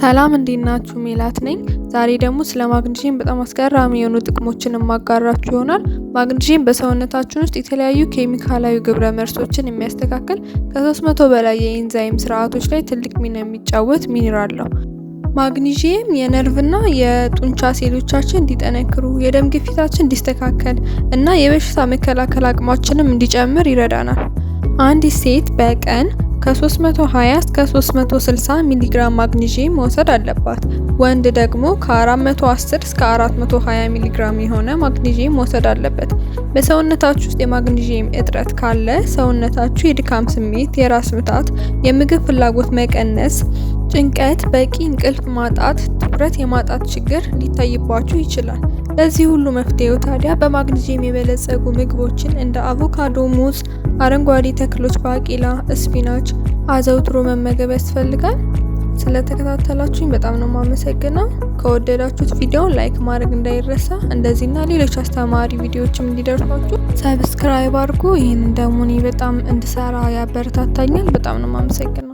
ሰላም እንዲናችሁ ሜላት ነኝ። ዛሬ ደግሞ ስለ ማግኒዥየም በጣም አስገራሚ የሆኑ ጥቅሞችን የማጋራችሁ ይሆናል። ማግኒዥየም በሰውነታችን ውስጥ የተለያዩ ኬሚካላዊ ግብረ መርሶችን የሚያስተካክል ከ300 በላይ የኤንዛይም ስርዓቶች ላይ ትልቅ ሚና የሚጫወት ሚኒራል ነው። ማግኒዥየም የነርቭና የጡንቻ ሴሎቻችን እንዲጠነክሩ፣ የደም ግፊታችን እንዲስተካከል እና የበሽታ መከላከል አቅማችንም እንዲጨምር ይረዳናል። አንዲት ሴት በቀን ከ320 እስከ 360 ሚሊግራም ማግኒዥየም መውሰድ አለባት። ወንድ ደግሞ ከ410 እስከ 420 ሚሊግራም የሆነ ማግኒዥየም መውሰድ አለበት። በሰውነታችሁ ውስጥ የማግኒዥየም እጥረት ካለ ሰውነታችሁ የድካም ስሜት፣ የራስ ምታት፣ የምግብ ፍላጎት መቀነስ፣ ጭንቀት፣ በቂ እንቅልፍ ማጣት፣ ትኩረት የማጣት ችግር ሊታይባችሁ ይችላል። ለዚህ ሁሉ መፍትሄው ታዲያ በማግኒዥየም የበለጸጉ ምግቦችን እንደ አቮካዶ፣ ሙዝ፣ አረንጓዴ ተክሎች፣ ባቂላ፣ ስፒናች አዘውትሮ መመገብ ያስፈልጋል። ስለተከታተላችሁኝ በጣም ነው የማመሰግነው። ከወደዳችሁት ቪዲዮን ላይክ ማድረግ እንዳይረሳ። እንደዚህና ሌሎች አስተማሪ ቪዲዮዎችም እንዲደርሷችሁ ሰብስክራይብ አድርጉ። ይህን ደግሞ እኔ በጣም እንድሰራ ያበረታታኛል። በጣም ነው የማመሰግነው።